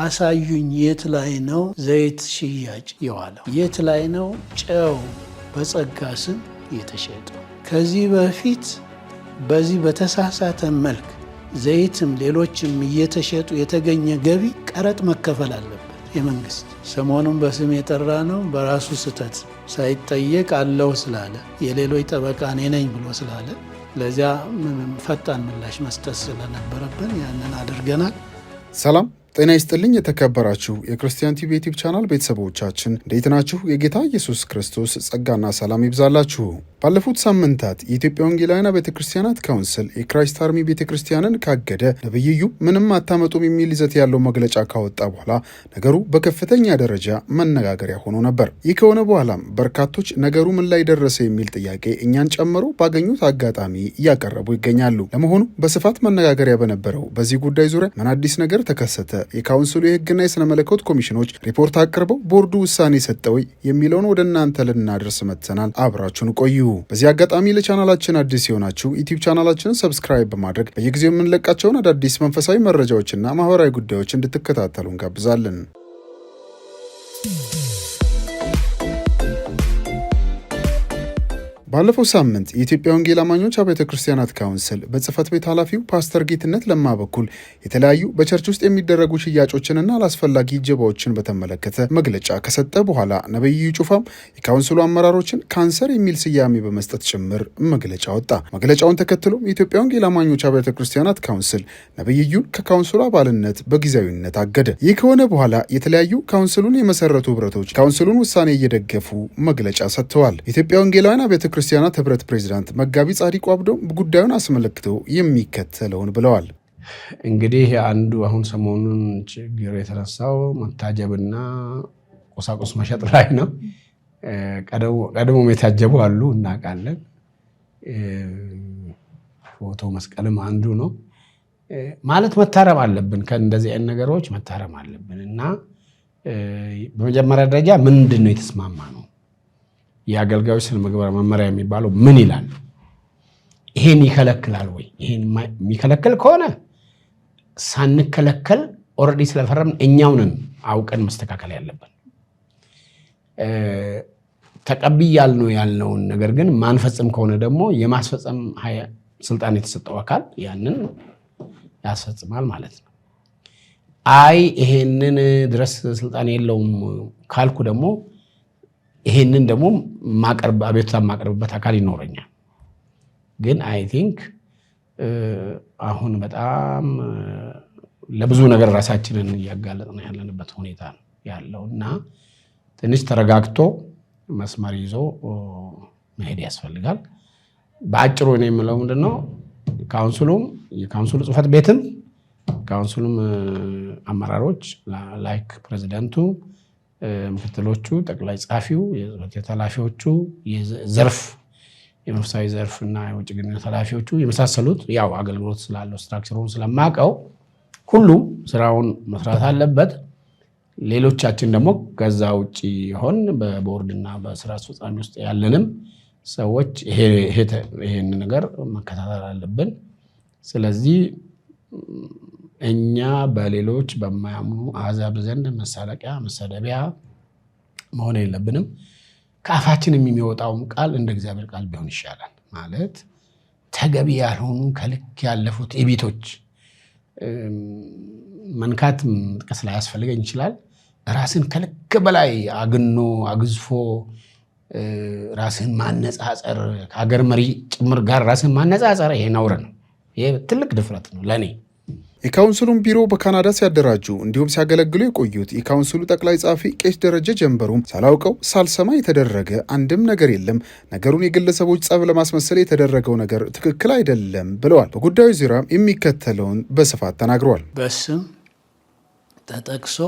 አሳዩኝ የት ላይ ነው ዘይት ሽያጭ የዋለው? የት ላይ ነው ጨው በጸጋ ስም የተሸጠ ከዚህ በፊት በዚህ በተሳሳተ መልክ ዘይትም ሌሎችም እየተሸጡ የተገኘ ገቢ ቀረጥ መከፈል አለበት የመንግስት። ሰሞኑን በስም የጠራ ነው በራሱ ስህተት ሳይጠየቅ አለው ስላለ የሌሎች ጠበቃ እኔ ነኝ ብሎ ስላለ ለዚያ ፈጣን ምላሽ መስጠት ስለነበረብን ያንን አድርገናል። ሰላም ጤና ይስጥልኝ የተከበራችሁ የክርስቲያን ቲቪ ዩቲዩብ ቻናል ቤተሰቦቻችን እንዴት ናችሁ? የጌታ ኢየሱስ ክርስቶስ ጸጋና ሰላም ይብዛላችሁ። ባለፉት ሳምንታት የኢትዮጵያ ወንጌላውያን ቤተ ክርስቲያናት ካውንስል የክራይስት አርሚ ቤተ ክርስቲያንን ካገደ ነብይዩ ምንም አታመጡም የሚል ይዘት ያለው መግለጫ ካወጣ በኋላ ነገሩ በከፍተኛ ደረጃ መነጋገሪያ ሆኖ ነበር። ይህ ከሆነ በኋላም በርካቶች ነገሩ ምን ላይ ደረሰ የሚል ጥያቄ እኛን ጨምሮ ባገኙት አጋጣሚ እያቀረቡ ይገኛሉ። ለመሆኑ በስፋት መነጋገሪያ በነበረው በዚህ ጉዳይ ዙሪያ ምን አዲስ ነገር ተከሰተ? የካውንስሉ የህግና የስነ መለኮት ኮሚሽኖች ሪፖርት አቅርበው ቦርዱ ውሳኔ ሰጠው የሚለውን ወደ እናንተ ልናደርስ መጥተናል። አብራችሁን ቆዩ። በዚህ አጋጣሚ ለቻናላችን አዲስ የሆናችሁ ዩቲዩብ ቻናላችንን ሰብስክራይብ በማድረግ በየጊዜው የምንለቃቸውን አዳዲስ መንፈሳዊ መረጃዎችና ማህበራዊ ጉዳዮች እንድትከታተሉ እንጋብዛለን። ባለፈው ሳምንት የኢትዮጵያ ወንጌል አማኞች አብያተ ክርስቲያናት ካውንስል በጽህፈት ቤት ኃላፊው ፓስተር ጌትነት ለማ በኩል የተለያዩ በቸርች ውስጥ የሚደረጉ ሽያጮችንና አላስፈላጊ እጀባዎችን በተመለከተ መግለጫ ከሰጠ በኋላ ነቢዩ ጩፋም የካውንስሉ አመራሮችን ካንሰር የሚል ስያሜ በመስጠት ጭምር መግለጫ ወጣ። መግለጫውን ተከትሎም የኢትዮጵያ ወንጌል አማኞች አብያተ ክርስቲያናት ካውንስል ነብይዩን ከካውንስሉ አባልነት በጊዜያዊነት አገደ። ይህ ከሆነ በኋላ የተለያዩ ካውንስሉን የመሰረቱ ህብረቶች ካውንስሉን ውሳኔ እየደገፉ መግለጫ ሰጥተዋል። ኢትዮጵያ ወንጌላውያን አብያተ ክርስቲያናት ህብረት ፕሬዚዳንት መጋቢ ጻዲቁ አብዶ ጉዳዩን አስመለክተው የሚከተለውን ብለዋል። እንግዲህ አንዱ አሁን ሰሞኑን ችግር የተነሳው መታጀብና ቁሳቁስ መሸጥ ላይ ነው። ቀድሞም የታጀቡ አሉ እናውቃለን። ፎቶ መስቀልም አንዱ ነው። ማለት መታረም አለብን፣ ከእንደዚህ አይነት ነገሮች መታረም አለብን እና በመጀመሪያ ደረጃ ምንድን ነው የተስማማ ነው የአገልጋዮች ስነ ምግባር መመሪያ የሚባለው ምን ይላል? ይሄን ይከለክላል ወይ? ይሄን የሚከለክል ከሆነ ሳንከለከል ኦልሬዲ ስለፈረምን እኛውንን አውቀን መስተካከል ያለብን ተቀብያለሁ ያልነውን ነገር ግን ማንፈጽም ከሆነ ደግሞ የማስፈጸም ስልጣን የተሰጠው አካል ያንን ያስፈጽማል ማለት ነው። አይ ይሄንን ድረስ ስልጣን የለውም ካልኩ ደግሞ ይሄንን ደግሞ አቤቱታ ማቀርብበት አካል ይኖረኛል። ግን አይ ቲንክ አሁን በጣም ለብዙ ነገር ራሳችንን እያጋለጥን ያለንበት ሁኔታ ያለው እና ትንሽ ተረጋግቶ መስመር ይዞ መሄድ ያስፈልጋል። በአጭሩ ነው የምለው ምንድን ነው ካውንስሉም የካውንስሉ ጽፈት ቤትም ካውንስሉም አመራሮች ላይክ ፕሬዚደንቱ ምክትሎቹ፣ ጠቅላይ ጸሐፊው፣ የጽሕፈት ኃላፊዎቹ፣ ዘርፍ የመንፈሳዊ ዘርፍ እና የውጭ ግንኙነት ኃላፊዎቹ የመሳሰሉት ያው አገልግሎት ስላለው ስትራክቸሩን ስለማቀው ሁሉም ስራውን መስራት አለበት። ሌሎቻችን ደግሞ ከዛ ውጭ ይሆን በቦርድ እና በስራ አስፈጻሚ ውስጥ ያለንም ሰዎች ይሄን ነገር መከታተል አለብን። ስለዚህ እኛ በሌሎች በማያምኑ አሕዛብ ዘንድ መሳለቂያ፣ መሰደቢያ መሆን የለብንም። ከአፋችን የሚወጣውም ቃል እንደ እግዚአብሔር ቃል ቢሆን ይሻላል። ማለት ተገቢ ያልሆኑ ከልክ ያለፉት ኢቢቶች መንካት መጥቀስ ያስፈልገኝ ይችላል። ራስን ከልክ በላይ አግኖ አግዝፎ ራስን ማነጻጸር ከሀገር መሪ ጭምር ጋር ራስን ማነጻጸር ይሄ ነውር ነው። ይሄ ትልቅ ድፍረት ነው ለእኔ የካውንስሉን ቢሮ በካናዳ ሲያደራጁ እንዲሁም ሲያገለግሉ የቆዩት የካውንስሉ ጠቅላይ ጸሐፊ ቄስ ደረጀ ጀንበሩም ሳላውቀው ሳልሰማ የተደረገ አንድም ነገር የለም፣ ነገሩን የግለሰቦች ጸብ ለማስመሰል የተደረገው ነገር ትክክል አይደለም ብለዋል። በጉዳዩ ዙሪያም የሚከተለውን በስፋት ተናግረዋል። በስም ተጠቅሶ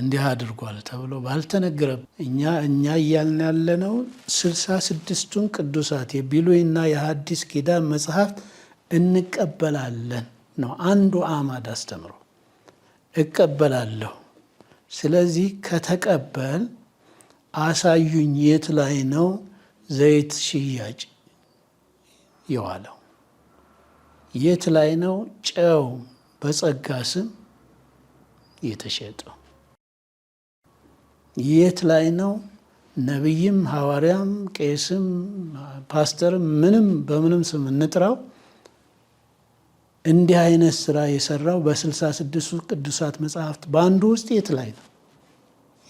እንዲህ አድርጓል ተብሎ ባልተነገረም እኛ እኛ እያልን ያለነው ስልሳ ስድስቱን ቅዱሳት የብሉይና የሐዲስ ኪዳን መጽሐፍት እንቀበላለን ነው አንዱ አማድ አስተምሮ እቀበላለሁ። ስለዚህ ከተቀበል አሳዩኝ፣ የት ላይ ነው ዘይት ሽያጭ የዋለው? የት ላይ ነው ጨው በጸጋ ስም የተሸጠው? የት ላይ ነው ነቢይም ሐዋርያም ቄስም ፓስተርም ምንም በምንም ስም እንጥራው እንዲህ አይነት ስራ የሰራው በስልሳ ስድስቱ ቅዱሳት መጽሐፍት በአንዱ ውስጥ የት ላይ ነው?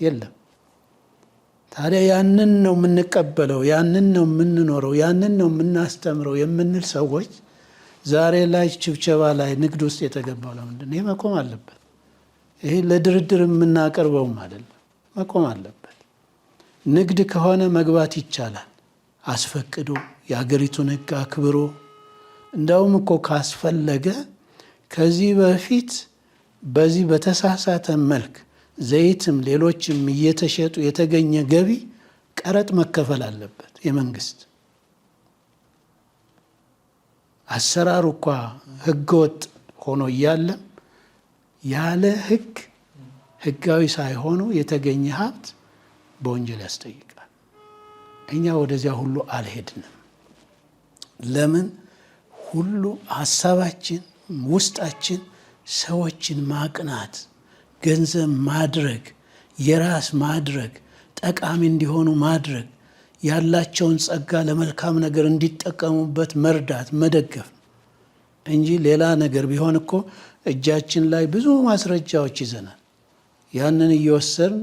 የለም። ታዲያ ያንን ነው የምንቀበለው፣ ያንን ነው የምንኖረው፣ ያንን ነው የምናስተምረው የምንል ሰዎች ዛሬ ላይ ችብቸባ ላይ ንግድ ውስጥ የተገባው ለምንድን ነው? ይህ መቆም አለበት። ይሄ ለድርድር የምናቀርበውም አይደለም፣ መቆም አለበት። ንግድ ከሆነ መግባት ይቻላል፣ አስፈቅዶ የአገሪቱን ሕግ አክብሮ እንደውም እኮ ካስፈለገ ከዚህ በፊት በዚህ በተሳሳተ መልክ ዘይትም ሌሎችም እየተሸጡ የተገኘ ገቢ ቀረጥ መከፈል አለበት የመንግስት። አሰራሩ እኳ ህገወጥ ሆኖ እያለም ያለ ህግ ህጋዊ ሳይሆኑ የተገኘ ሀብት በወንጀል ያስጠይቃል። እኛ ወደዚያ ሁሉ አልሄድንም። ለምን? ሁሉ ሀሳባችን፣ ውስጣችን ሰዎችን ማቅናት፣ ገንዘብ ማድረግ፣ የራስ ማድረግ፣ ጠቃሚ እንዲሆኑ ማድረግ፣ ያላቸውን ጸጋ ለመልካም ነገር እንዲጠቀሙበት መርዳት፣ መደገፍ እንጂ ሌላ ነገር ቢሆን እኮ እጃችን ላይ ብዙ ማስረጃዎች ይዘናል። ያንን እየወሰድን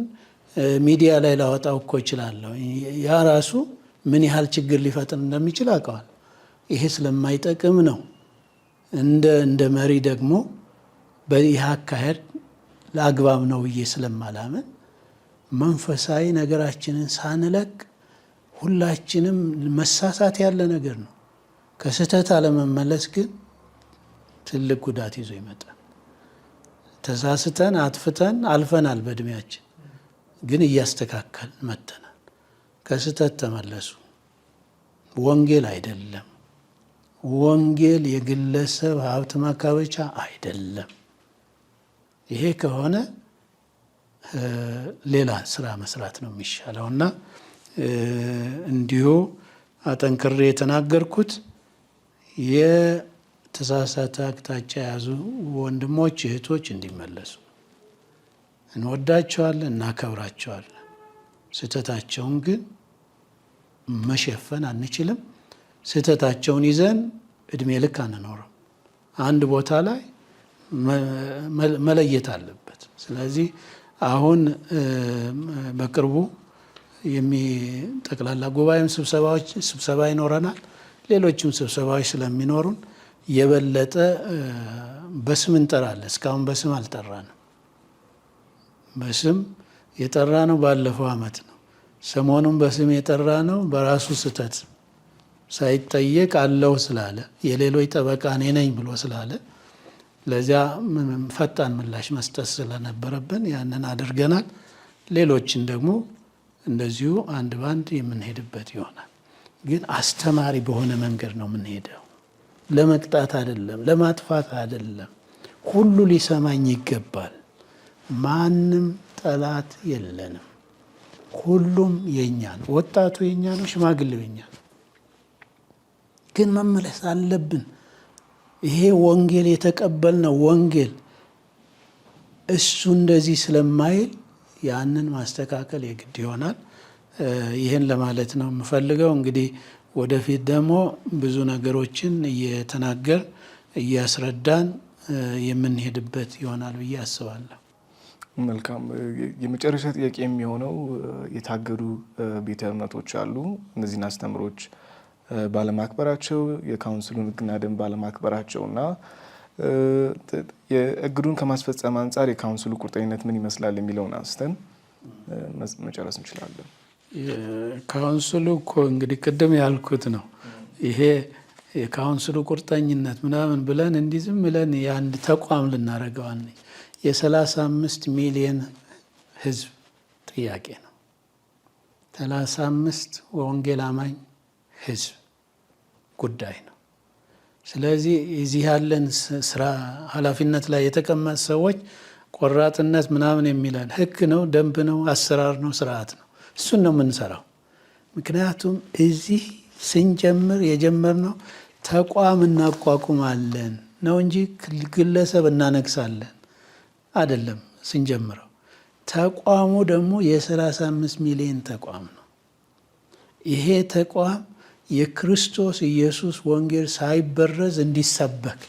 ሚዲያ ላይ ላወጣው እኮ እችላለሁ። ያ ራሱ ምን ያህል ችግር ሊፈጥር እንደሚችል አውቀዋል። ይሄ ስለማይጠቅም ነው። እንደ እንደ መሪ ደግሞ በዚህ አካሄድ ለአግባብ ነው ብዬ ስለማላምን መንፈሳዊ ነገራችንን ሳንለቅ ሁላችንም መሳሳት ያለ ነገር ነው። ከስህተት አለመመለስ ግን ትልቅ ጉዳት ይዞ ይመጣል። ተሳስተን አጥፍተን አልፈናል። በእድሜያችን ግን እያስተካከልን መጥተናል። ከስህተት ተመለሱ። ወንጌል አይደለም። ወንጌል የግለሰብ ሀብት ማካበቻ አይደለም። ይሄ ከሆነ ሌላ ስራ መስራት ነው የሚሻለው እና እንዲሁ አጠንክሬ የተናገርኩት የተሳሳተ አቅጣጫ የያዙ ወንድሞች እህቶች እንዲመለሱ እንወዳቸዋለን፣ እናከብራቸዋለን። ስህተታቸውን ግን መሸፈን አንችልም። ስህተታቸውን ይዘን እድሜ ልክ አንኖርም። አንድ ቦታ ላይ መለየት አለበት። ስለዚህ አሁን በቅርቡ የሚጠቅላላ ጉባኤም ስብሰባ ይኖረናል። ሌሎችም ስብሰባዎች ስለሚኖሩን የበለጠ በስም እንጠራለን። እስካሁን በስም አልጠራንም። በስም የጠራ ነው ባለፈው ዓመት ነው። ሰሞኑን በስም የጠራ ነው በራሱ ስህተት ሳይጠየቅ አለው ስላለ የሌሎች ጠበቃ እኔ ነኝ ብሎ ስላለ ለዚያ ፈጣን ምላሽ መስጠት ስለነበረብን ያንን አድርገናል። ሌሎችን ደግሞ እንደዚሁ አንድ ባንድ የምንሄድበት ይሆናል። ግን አስተማሪ በሆነ መንገድ ነው የምንሄደው። ለመቅጣት አይደለም፣ ለማጥፋት አይደለም። ሁሉ ሊሰማኝ ይገባል። ማንም ጠላት የለንም። ሁሉም የኛ ነው። ወጣቱ የኛ ነው። ሽማግሌው የኛ ነው። ግን መመለስ አለብን። ይሄ ወንጌል የተቀበልነው ወንጌል እሱ እንደዚህ ስለማይል ያንን ማስተካከል የግድ ይሆናል። ይህን ለማለት ነው የምፈልገው። እንግዲህ ወደፊት ደግሞ ብዙ ነገሮችን እየተናገር እያስረዳን የምንሄድበት ይሆናል ብዬ አስባለሁ። መልካም። የመጨረሻ ጥያቄ የሚሆነው የታገዱ ቤተ እምነቶች አሉ። እነዚህን አስተምሮች ባለማክበራቸው የካውንስሉን ሕግና ደንብ ባለማክበራቸውና እግዱን ከማስፈጸም አንጻር የካውንስሉ ቁርጠኝነት ምን ይመስላል የሚለውን አንስተን መጨረስ እንችላለን። ካውንስሉ እኮ እንግዲህ ቅድም ያልኩት ነው። ይሄ የካውንስሉ ቁርጠኝነት ምናምን ብለን እንዲህ ዝም ብለን የአንድ ተቋም ልናደርገዋል። የ የ35 ሚሊየን ህዝብ ጥያቄ ነው። 35 ወንጌል አማኝ ህዝብ ጉዳይ ነው። ስለዚህ እዚህ ያለን ስራ ኃላፊነት ላይ የተቀመጡ ሰዎች ቆራጥነት ምናምን የሚላል ህግ ነው፣ ደንብ ነው፣ አሰራር ነው፣ ስርዓት ነው። እሱን ነው የምንሰራው። ምክንያቱም እዚህ ስንጀምር የጀመርነው ተቋም እናቋቁማለን ነው እንጂ ግለሰብ እናነግሳለን አይደለም። ስንጀምረው ተቋሙ ደግሞ የ35 ሚሊዮን ተቋም ነው ይሄ ተቋም የክርስቶስ ኢየሱስ ወንጌል ሳይበረዝ እንዲሰበክ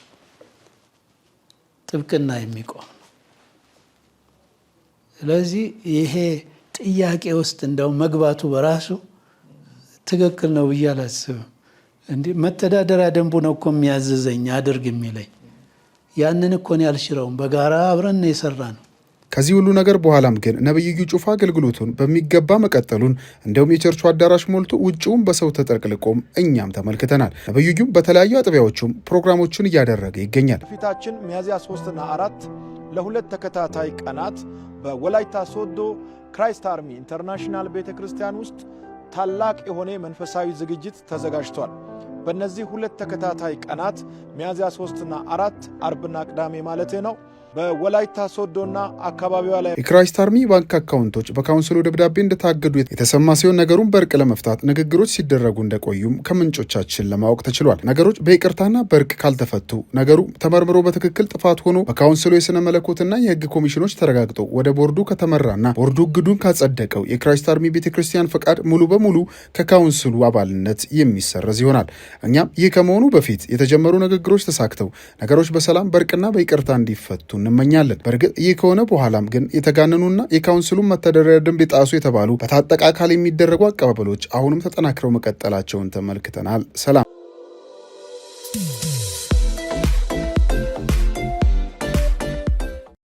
ጥብቅና የሚቆም ነው። ስለዚህ ይሄ ጥያቄ ውስጥ እንደው መግባቱ በራሱ ትክክል ነው ብዬ አላስብም። እንዲህ መተዳደሪያ ደንቡ ነው እኮ የሚያዝዘኝ አድርግ የሚለኝ። ያንን እኮን ያልሽረውም በጋራ አብረን የሰራ ነው ከዚህ ሁሉ ነገር በኋላም ግን ነቢይ እዩ ጩፋ አገልግሎቱን በሚገባ መቀጠሉን እንደውም የቸርቹ አዳራሽ ሞልቶ ውጭውን በሰው ተጠቅልቆም እኛም ተመልክተናል። ነቢዩ እዩም በተለያዩ አጥቢያዎቹም ፕሮግራሞቹን እያደረገ ይገኛል። ፊታችን ሚያዝያ ሶስትና አራት ለሁለት ተከታታይ ቀናት በወላይታ ሶዶ ክራይስት አርሚ ኢንተርናሽናል ቤተ ክርስቲያን ውስጥ ታላቅ የሆነ መንፈሳዊ ዝግጅት ተዘጋጅቷል። በእነዚህ ሁለት ተከታታይ ቀናት ሚያዝያ ሶስትና አራት አርብና ቅዳሜ ማለት ነው በወላይታ ሶዶና አካባቢዋ ላይ የክራይስት አርሚ ባንክ አካውንቶች በካውንስሉ ደብዳቤ እንደታገዱ የተሰማ ሲሆን ነገሩን በእርቅ ለመፍታት ንግግሮች ሲደረጉ እንደቆዩም ከምንጮቻችን ለማወቅ ተችሏል። ነገሮች በይቅርታና በእርቅ ካልተፈቱ ነገሩ ተመርምሮ በትክክል ጥፋት ሆኖ በካውንስሉ የስነ መለኮትና የህግ ኮሚሽኖች ተረጋግጦ ወደ ቦርዱ ከተመራና ቦርዱ እግዱን ካጸደቀው የክራይስት አርሚ ቤተ ክርስቲያን ፈቃድ ሙሉ በሙሉ ከካውንስሉ አባልነት የሚሰረዝ ይሆናል። እኛም ይህ ከመሆኑ በፊት የተጀመሩ ንግግሮች ተሳክተው ነገሮች በሰላም በእርቅና በይቅርታ እንዲፈቱ እንመኛለን። በእርግጥ ይህ ከሆነ በኋላም ግን የተጋነኑና የካውንስሉን መተዳደሪያ ደንብ የጣሱ የተባሉ በታጠቀ አካል የሚደረጉ አቀባበሎች አሁንም ተጠናክረው መቀጠላቸውን ተመልክተናል። ሰላም